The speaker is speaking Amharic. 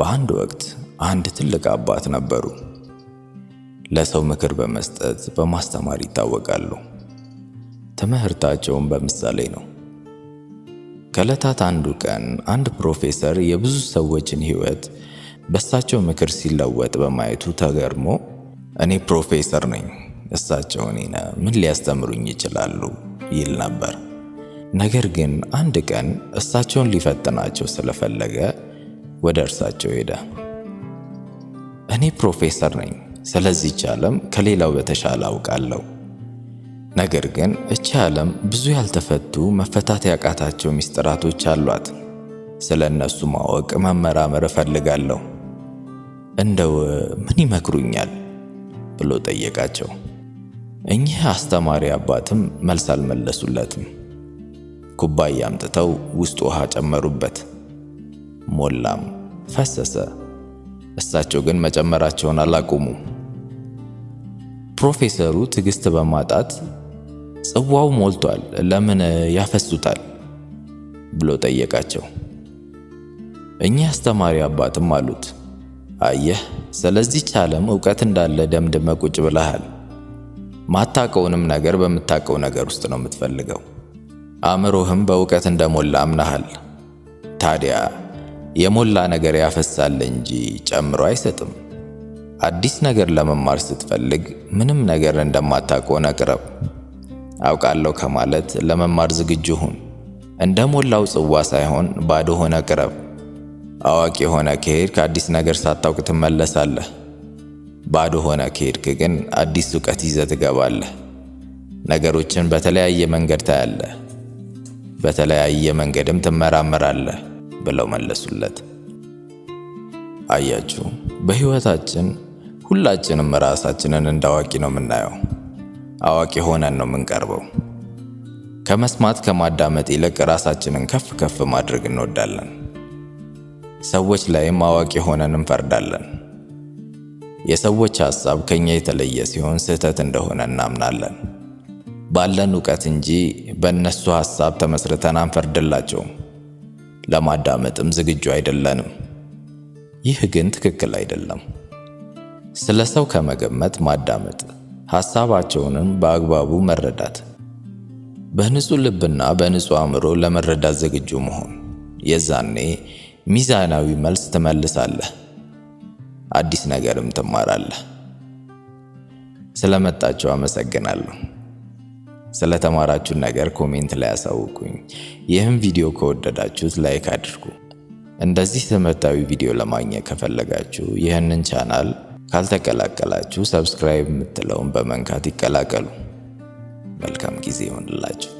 በአንድ ወቅት አንድ ትልቅ አባት ነበሩ። ለሰው ምክር በመስጠት በማስተማር ይታወቃሉ። ትምህርታቸውም በምሳሌ ነው። ከለታት አንዱ ቀን አንድ ፕሮፌሰር የብዙ ሰዎችን ሕይወት በእሳቸው ምክር ሲለወጥ በማየቱ ተገርሞ እኔ ፕሮፌሰር ነኝ፣ እሳቸው እኔን ምን ሊያስተምሩኝ ይችላሉ? ይል ነበር። ነገር ግን አንድ ቀን እሳቸውን ሊፈትናቸው ስለፈለገ ወደ እርሳቸው ሄደ። እኔ ፕሮፌሰር ነኝ፣ ስለዚች ዓለም ከሌላው በተሻለ አውቃለሁ። ነገር ግን እቺ ዓለም ብዙ ያልተፈቱ መፈታት ያቃታቸው ሚስጥራቶች አሏት። ስለ እነሱ ማወቅ መመራመር እፈልጋለሁ። እንደው ምን ይመክሩኛል ብሎ ጠየቃቸው። እኚህ አስተማሪ አባትም መልስ አልመለሱለትም። ኩባያ አምጥተው ውስጥ ውሃ ጨመሩበት። ሞላም፣ ፈሰሰ። እሳቸው ግን መጨመራቸውን አላቁሙ። ፕሮፌሰሩ ትዕግስት በማጣት ጽዋው ሞልቷል፣ ለምን ያፈሱታል ብሎ ጠየቃቸው። እኚህ አስተማሪ አባትም አሉት፣ አየህ ስለዚች ዓለም እውቀት እንዳለ ደምድመ ቁጭ ብለሃል። ማታቀውንም ነገር በምታቀው ነገር ውስጥ ነው የምትፈልገው። አእምሮህም በእውቀት እንደሞላ አምናሃል። ታዲያ የሞላ ነገር ያፈሳል እንጂ ጨምሮ አይሰጥም። አዲስ ነገር ለመማር ስትፈልግ ምንም ነገር እንደማታቆን ቅረብ። አውቃለሁ ከማለት ለመማር ዝግጁ ሁን። እንደ ሞላው ጽዋ ሳይሆን ባዶ ሆነ ቅረብ። አዋቂ ሆነ ከሄድ አዲስ ነገር ሳታውቅ ትመለሳለህ። ባዶ ሆነ ከሄድክ ግን አዲስ እውቀት ይዘ ትገባለህ። ነገሮችን በተለያየ መንገድ ታያለህ፣ በተለያየ መንገድም ትመራመራለህ። ብለው መለሱለት። አያችሁ፣ በህይወታችን ሁላችንም ራሳችንን እንደ አዋቂ ነው የምናየው። አዋቂ ሆነን ነው የምንቀርበው። ከመስማት ከማዳመጥ ይልቅ ራሳችንን ከፍ ከፍ ማድረግ እንወዳለን። ሰዎች ላይም አዋቂ ሆነን እንፈርዳለን። የሰዎች ሐሳብ ከኛ የተለየ ሲሆን ስህተት እንደሆነ እናምናለን። ባለን እውቀት እንጂ በእነሱ ሐሳብ ተመስርተን አንፈርድላቸውም። ለማዳመጥም ዝግጁ አይደለንም። ይህ ግን ትክክል አይደለም። ስለ ሰው ከመገመት ማዳመጥ፣ ሐሳባቸውንም በአግባቡ መረዳት፣ በንጹህ ልብና በንጹህ አእምሮ ለመረዳት ዝግጁ መሆን። የዛኔ ሚዛናዊ መልስ ትመልሳለህ፣ አዲስ ነገርም ትማራለህ። ስለመጣችሁ አመሰግናለሁ። ስለተማራችሁ ነገር ኮሜንት ላይ አሳውቁኝ። ይህም ቪዲዮ ከወደዳችሁት ላይክ አድርጉ። እንደዚህ ትምህርታዊ ቪዲዮ ለማግኘት ከፈለጋችሁ ይህንን ቻናል ካልተቀላቀላችሁ ሰብስክራይብ የምትለውን በመንካት ይቀላቀሉ። መልካም ጊዜ ይሆንላችሁ።